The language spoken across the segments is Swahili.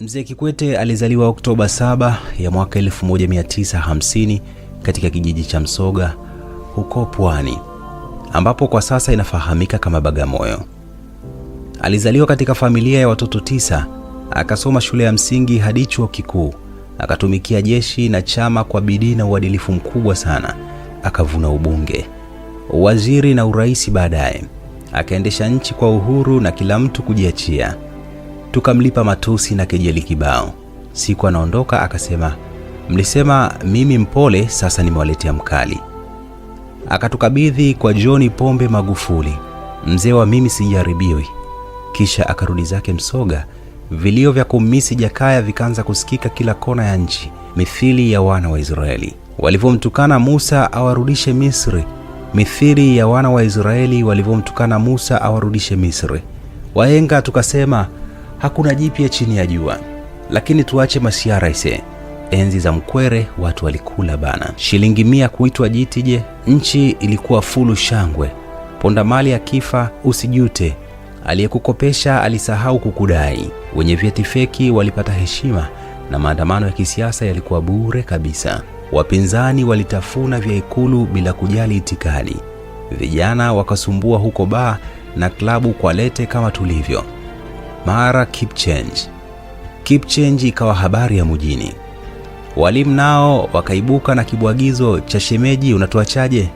Mzee Kikwete alizaliwa Oktoba 7 ya mwaka 1950 katika kijiji cha Msoga huko Pwani, ambapo kwa sasa inafahamika kama Bagamoyo. Alizaliwa katika familia ya watoto tisa, akasoma shule ya msingi hadi chuo kikuu, akatumikia jeshi na chama kwa bidii na uadilifu mkubwa sana, akavuna ubunge, uwaziri na urais. Baadaye akaendesha nchi kwa uhuru na kila mtu kujiachia tukamlipa matusi na kejeli kibao. Siku anaondoka akasema, mlisema mimi mpole, sasa nimewaletea mkali. Akatukabidhi kwa John Pombe Magufuli, mzee wa mimi sijaribiwi. Kisha akarudi zake Msoga. Vilio vya kumisi Jakaya vikaanza kusikika kila kona ya nchi, mithili ya wana wa Israeli walivyomtukana Musa awarudishe Misri, mithili ya wana wa Israeli walivyomtukana Musa awarudishe Misri. Wahenga tukasema hakuna jipya chini ya jua. Lakini tuache masiara ise, enzi za Mkwere watu walikula bana. Shilingi mia kuitwa jitije, nchi ilikuwa fulu shangwe. Ponda mali akifa usijute, aliyekukopesha alisahau kukudai. Wenye vyeti feki walipata heshima na maandamano ya kisiasa yalikuwa bure kabisa. Wapinzani walitafuna vya Ikulu bila kujali itikadi. Vijana wakasumbua huko baa na klabu kwa lete kama tulivyo mara Kipchenge. Kipchenge ikawa habari ya mjini. Walimu nao wakaibuka na kibwagizo cha shemeji, unatuachaje?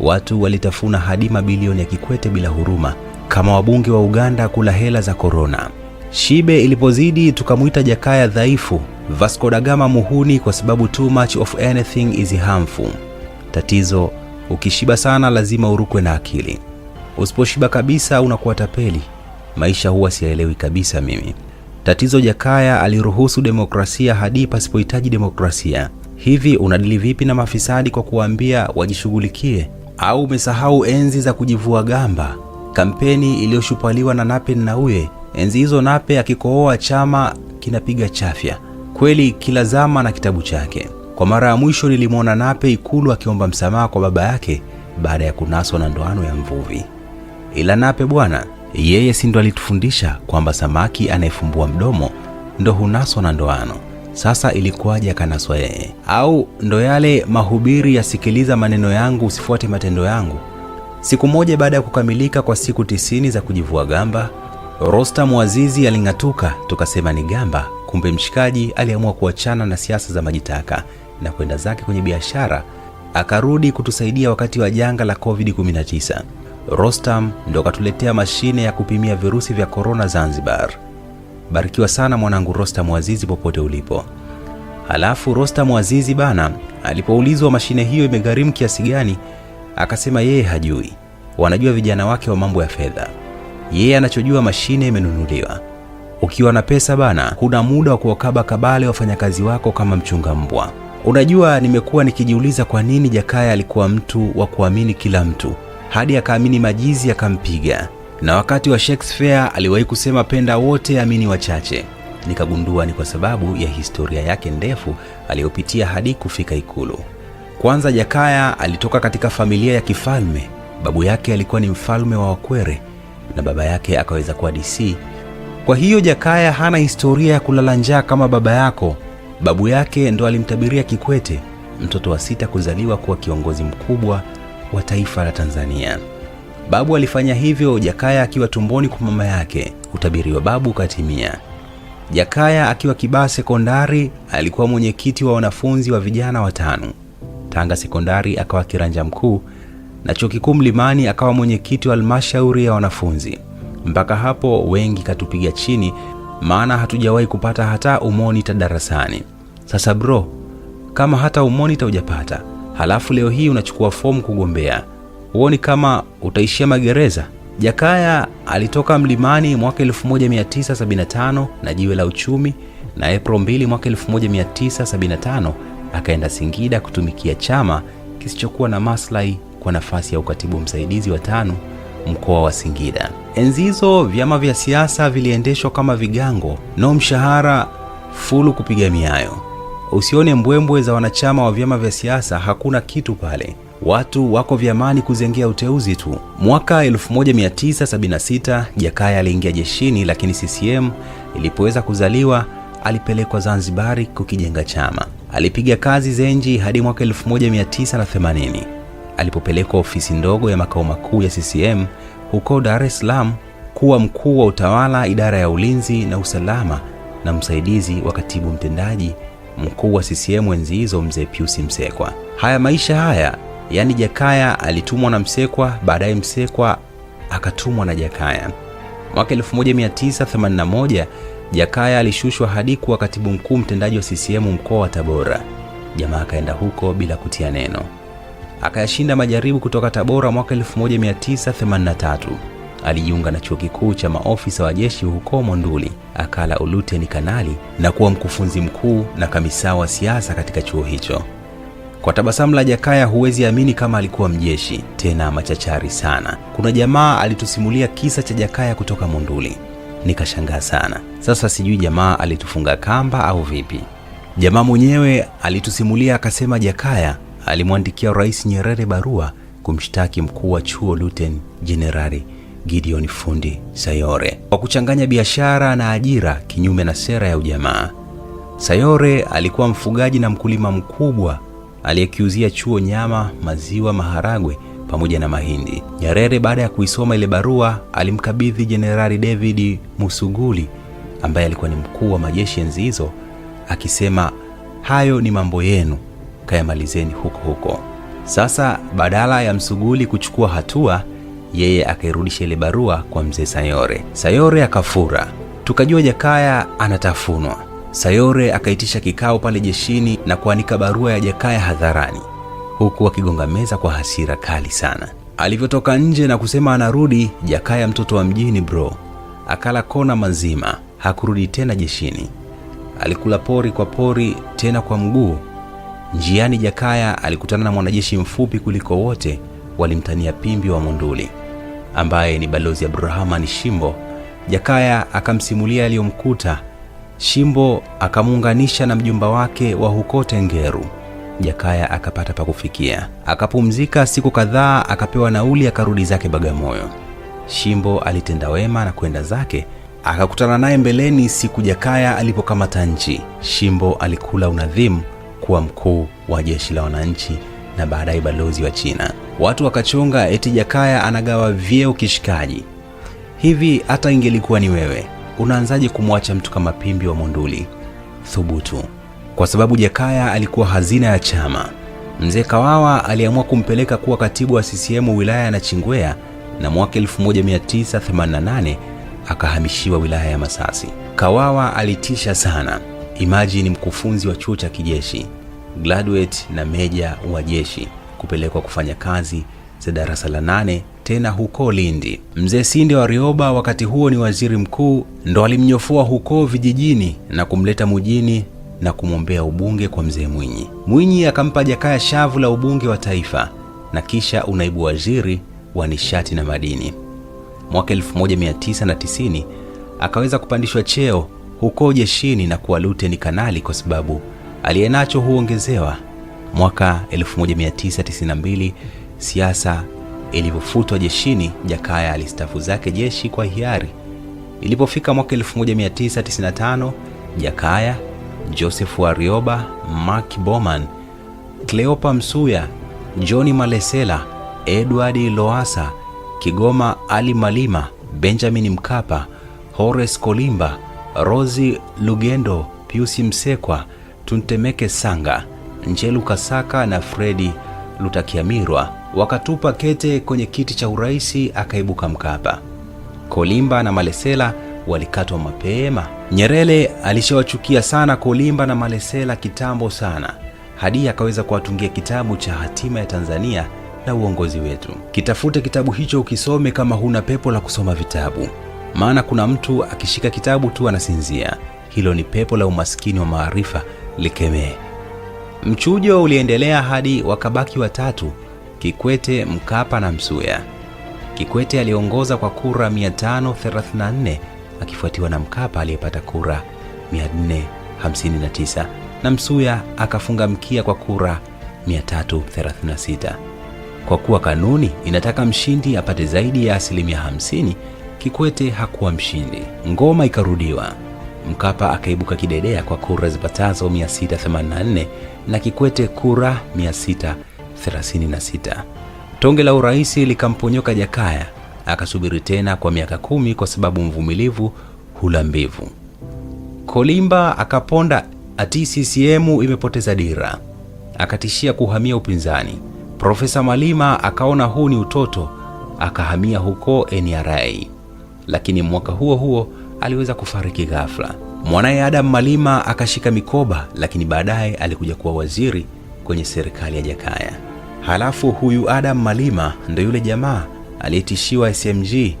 Watu walitafuna hadi mabilioni ya Kikwete bila huruma, kama wabunge wa Uganda kula hela za korona. Shibe ilipozidi tukamwita Jakaya dhaifu, Vasco da Gama muhuni, kwa sababu too much of anything is harmful. Tatizo ukishiba sana lazima urukwe na akili, usiposhiba kabisa unakuwa tapeli maisha huwa siyaelewi kabisa mimi. Tatizo, Jakaya aliruhusu demokrasia hadi pasipohitaji demokrasia. Hivi unadili vipi na mafisadi kwa kuambia wajishughulikie? Au umesahau enzi za kujivua gamba, kampeni iliyoshupaliwa na Nape Nnauye? Enzi hizo Nape akikooa chama kinapiga chafya kweli, kila zama na kitabu chake. Kwa mara ya mwisho nilimwona Nape Ikulu akiomba msamaha kwa baba yake baada ya kunaswa na ndoano ya mvuvi. Ila Nape bwana yeye si ndo alitufundisha kwamba samaki anayefumbua mdomo ndo hunaswa na ndoano? Sasa ilikuwaje akanaswa yeye? Au ndo yale mahubiri yasikiliza maneno yangu usifuate matendo yangu? Siku moja baada ya kukamilika kwa siku tisini za kujivua gamba, Rostam Azizi aling'atuka, tukasema ni gamba, kumbe mshikaji aliamua kuachana na siasa za majitaka na kwenda zake kwenye biashara. Akarudi kutusaidia wakati wa janga la COVID-19. Rostam ndo katuletea mashine ya kupimia virusi vya korona Zanzibar. Barikiwa sana mwanangu Rostam Azizi popote ulipo. Halafu Rostam Azizi bana, alipoulizwa mashine hiyo imegharimu kiasi gani, akasema yeye hajui, wanajua vijana wake wa mambo ya fedha. Yeye anachojua mashine imenunuliwa. Ukiwa na pesa bana, kuna muda wa kuwakaba kabale wafanyakazi wako kama mchunga mbwa. Unajua, nimekuwa nikijiuliza kwa nini Jakaya alikuwa mtu wa kuamini kila mtu hadi akaamini majizi akampiga. Na wakati wa Shakespeare aliwahi kusema penda wote, amini wachache. Nikagundua ni kwa sababu ya historia yake ndefu aliyopitia hadi kufika Ikulu. Kwanza, Jakaya alitoka katika familia ya kifalme. Babu yake alikuwa ni mfalme wa Wakwere na baba yake akaweza kuwa DC. Kwa hiyo Jakaya hana historia ya kulala njaa kama baba yako. Babu yake ndo alimtabiria Kikwete, mtoto wa sita kuzaliwa kuwa kiongozi mkubwa wa taifa la Tanzania. Babu alifanya hivyo Jakaya akiwa tumboni kwa mama yake. Utabiri wa babu ukatimia. Jakaya akiwa Kibaha Sekondari alikuwa mwenyekiti wa wanafunzi wa vijana watano. Tanga Sekondari akawa kiranja mkuu na Chuo Kikuu Mlimani akawa mwenyekiti wa halmashauri ya wanafunzi. Mpaka hapo wengi katupiga chini, maana hatujawahi kupata hata umonita darasani. Sasa bro, kama hata umonita hujapata halafu leo hii unachukua fomu kugombea. Huoni kama utaishia magereza? Jakaya alitoka mlimani mwaka 1975 na jiwe la uchumi, na epro 2 mwaka 1975 akaenda Singida kutumikia chama kisichokuwa na maslahi kwa nafasi ya ukatibu msaidizi wa tano mkoa wa Singida. Enzi hizo vyama vya siasa viliendeshwa kama vigango, no mshahara, fulu kupiga miayo. Usione mbwembwe za wanachama wa vyama vya siasa, hakuna kitu pale. Watu wako vyamani kuzengea uteuzi tu. Mwaka 1976 Jakaya aliingia jeshini, lakini CCM ilipoweza kuzaliwa alipelekwa Zanzibari kukijenga chama. Alipiga kazi Zenji hadi mwaka 1980 alipopelekwa ofisi ndogo ya makao makuu ya CCM huko Dar es Salaam kuwa mkuu wa utawala, idara ya ulinzi na usalama na msaidizi wa katibu mtendaji mkuu wa CCM enzi hizo mzee Pius Msekwa. Haya maisha haya, yaani Jakaya alitumwa na Msekwa, baadaye Msekwa akatumwa na Jakaya. Mwaka 1981 Jakaya alishushwa hadi kuwa katibu mkuu mtendaji wa CCM mkoa wa Tabora. Jamaa akaenda huko bila kutia neno, akayashinda majaribu kutoka Tabora mwaka 1983 alijiunga na chuo kikuu cha maofisa wa jeshi huko Monduli, akala uluteni kanali na kuwa mkufunzi mkuu na kamisa wa siasa katika chuo hicho. Kwa tabasamu la Jakaya huwezi amini kama alikuwa mjeshi, tena machachari sana. Kuna jamaa alitusimulia kisa cha Jakaya kutoka Monduli, nikashangaa sana. Sasa sijui jamaa alitufunga kamba au vipi. Jamaa mwenyewe alitusimulia akasema, Jakaya alimwandikia Rais Nyerere barua kumshtaki mkuu wa chuo Luten Jenerali Gideon Fundi Sayore kwa kuchanganya biashara na ajira kinyume na sera ya ujamaa. Sayore alikuwa mfugaji na mkulima mkubwa aliyekiuzia chuo nyama, maziwa, maharagwe pamoja na mahindi. Nyerere baada ya kuisoma ile barua alimkabidhi Jenerali David Musuguli ambaye alikuwa ni mkuu wa majeshi enzi hizo, akisema hayo ni mambo yenu, kayamalizeni huko huko. Sasa badala ya Msuguli kuchukua hatua, yeye akairudisha ile barua kwa mzee Sayore. Sayore akafura, tukajua Jakaya anatafunwa. Sayore akaitisha kikao pale jeshini na kuanika barua ya Jakaya hadharani, huku akigonga meza kwa hasira kali sana. Alivyotoka nje na kusema anarudi, Jakaya mtoto wa mjini bro, akala kona mazima, hakurudi tena jeshini. Alikula pori kwa pori, tena kwa mguu. Njiani Jakaya alikutana na mwanajeshi mfupi kuliko wote, walimtania pimbi wa Monduli ambaye ni Balozi Abdurahman Shimbo. Jakaya akamsimulia aliyomkuta Shimbo, akamuunganisha na mjumba wake wa huko Tengeru. Jakaya akapata pa kufikia, akapumzika siku kadhaa, akapewa nauli, akarudi zake Bagamoyo. Shimbo alitenda wema na kwenda zake, akakutana naye mbeleni siku Jakaya alipokamata nchi. Shimbo alikula unadhimu kuwa mkuu wa jeshi la wananchi na baadaye balozi wa China. Watu wakachonga eti Jakaya anagawa vyeo kishikaji. Hivi hata ingelikuwa ni wewe, unaanzaje kumwacha mtu kama Pimbi wa Monduli? Thubutu! Kwa sababu Jakaya alikuwa hazina ya chama. Mzee Kawawa aliamua kumpeleka kuwa katibu wa CCM wilaya ya Nachingwea na mwaka 1988 akahamishiwa wilaya ya Masasi. Kawawa alitisha sana. Imagine mkufunzi wa chuo cha kijeshi, graduate na meja wa jeshi kupelekwa kufanya kazi za darasa la nane tena huko Lindi. Mzee Sinde wa Rioba, wakati huo ni waziri mkuu, ndo alimnyofoa huko vijijini na kumleta mjini na kumwombea ubunge kwa mzee Mwinyi. Mwinyi akampa Jakaya shavu la ubunge wa taifa na kisha unaibu waziri wa nishati na madini. Mwaka 1990 akaweza kupandishwa cheo huko jeshini na kuwa luteni kanali kwa sababu aliyenacho huongezewa. Mwaka 1992 siasa ilivyofutwa jeshini, Jakaya alistafu zake jeshi kwa hiari. Ilipofika mwaka 1995, Jakaya, Joseph Warioba, Mark Boman, Cleopa Msuya, Johnny Malesela, Edward Loasa, Kigoma Ali Malima, Benjamin Mkapa, Horace Kolimba, Rosi Lugendo, Piusi Msekwa, Tuntemeke Sanga Njelu Kasaka na Fredi Lutakiamirwa wakatupa kete kwenye kiti cha uraisi, akaibuka Mkapa. Kolimba na Malesela walikatwa mapema. Nyerere alishawachukia sana Kolimba na Malesela kitambo sana, hadi akaweza kuwatungia kitabu cha hatima ya Tanzania na uongozi wetu. Kitafute kitabu hicho ukisome kama huna pepo la kusoma vitabu, maana kuna mtu akishika kitabu tu anasinzia. Hilo ni pepo la umaskini wa maarifa, likemee. Mchujo uliendelea hadi wakabaki watatu: Kikwete, Mkapa na Msuya. Kikwete aliongoza kwa kura 534 akifuatiwa na Mkapa aliyepata kura 459 na Msuya akafunga mkia kwa kura 336. Kwa kuwa kanuni inataka mshindi apate zaidi ya asilimia 50, Kikwete hakuwa mshindi. Ngoma ikarudiwa. Mkapa akaibuka kidedea kwa kura zipatazo 684 na Kikwete kura 636. Tonge la urais likamponyoka Jakaya, akasubiri tena kwa miaka kumi kwa sababu mvumilivu hula mbivu. Kolimba akaponda ati CCM imepoteza dira, akatishia kuhamia upinzani. Profesa Malima akaona huu ni utoto, akahamia huko NRA, lakini mwaka huo huo aliweza kufariki ghafla. Mwanaye Adam Malima akashika mikoba, lakini baadaye alikuja kuwa waziri kwenye serikali ya Jakaya. Halafu huyu Adam Malima ndo yule jamaa aliyetishiwa SMG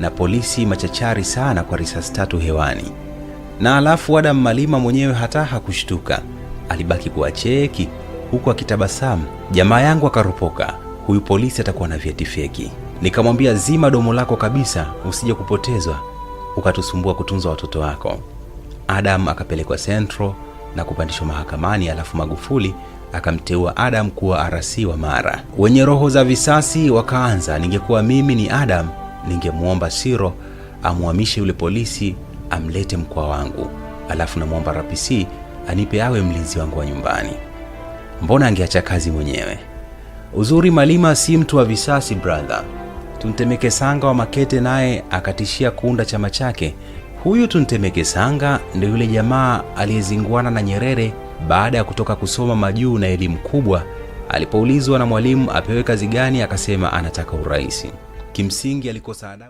na polisi machachari sana kwa risasi tatu hewani, na halafu Adam Malima mwenyewe hata hakushtuka, alibaki kuwa cheki huku akitabasamu. Jamaa yangu akaropoka, huyu polisi atakuwa na vyeti feki. Nikamwambia zima domo lako kabisa, usije kupotezwa ukatusumbua kutunza watoto wako. Adam akapelekwa sentro na kupandishwa mahakamani, alafu Magufuli akamteua Adam kuwa arasi wa Mara. Wenye roho za visasi wakaanza. Ningekuwa mimi ni Adam, ningemwomba Siro amwamishe yule polisi amlete mkoa wangu, alafu namwomba RPC anipe awe mlinzi wangu wa nyumbani. Mbona angeacha kazi mwenyewe? Uzuri Malima si mtu wa visasi brother. Tuntemeke Sanga wa Makete naye akatishia kuunda chama chake. Huyu Tuntemeke Sanga ndio yule jamaa aliyezinguana na Nyerere baada ya kutoka kusoma majuu na elimu kubwa. Alipoulizwa na mwalimu apewe kazi gani, akasema anataka uraisi. Kimsingi alikosa adabu.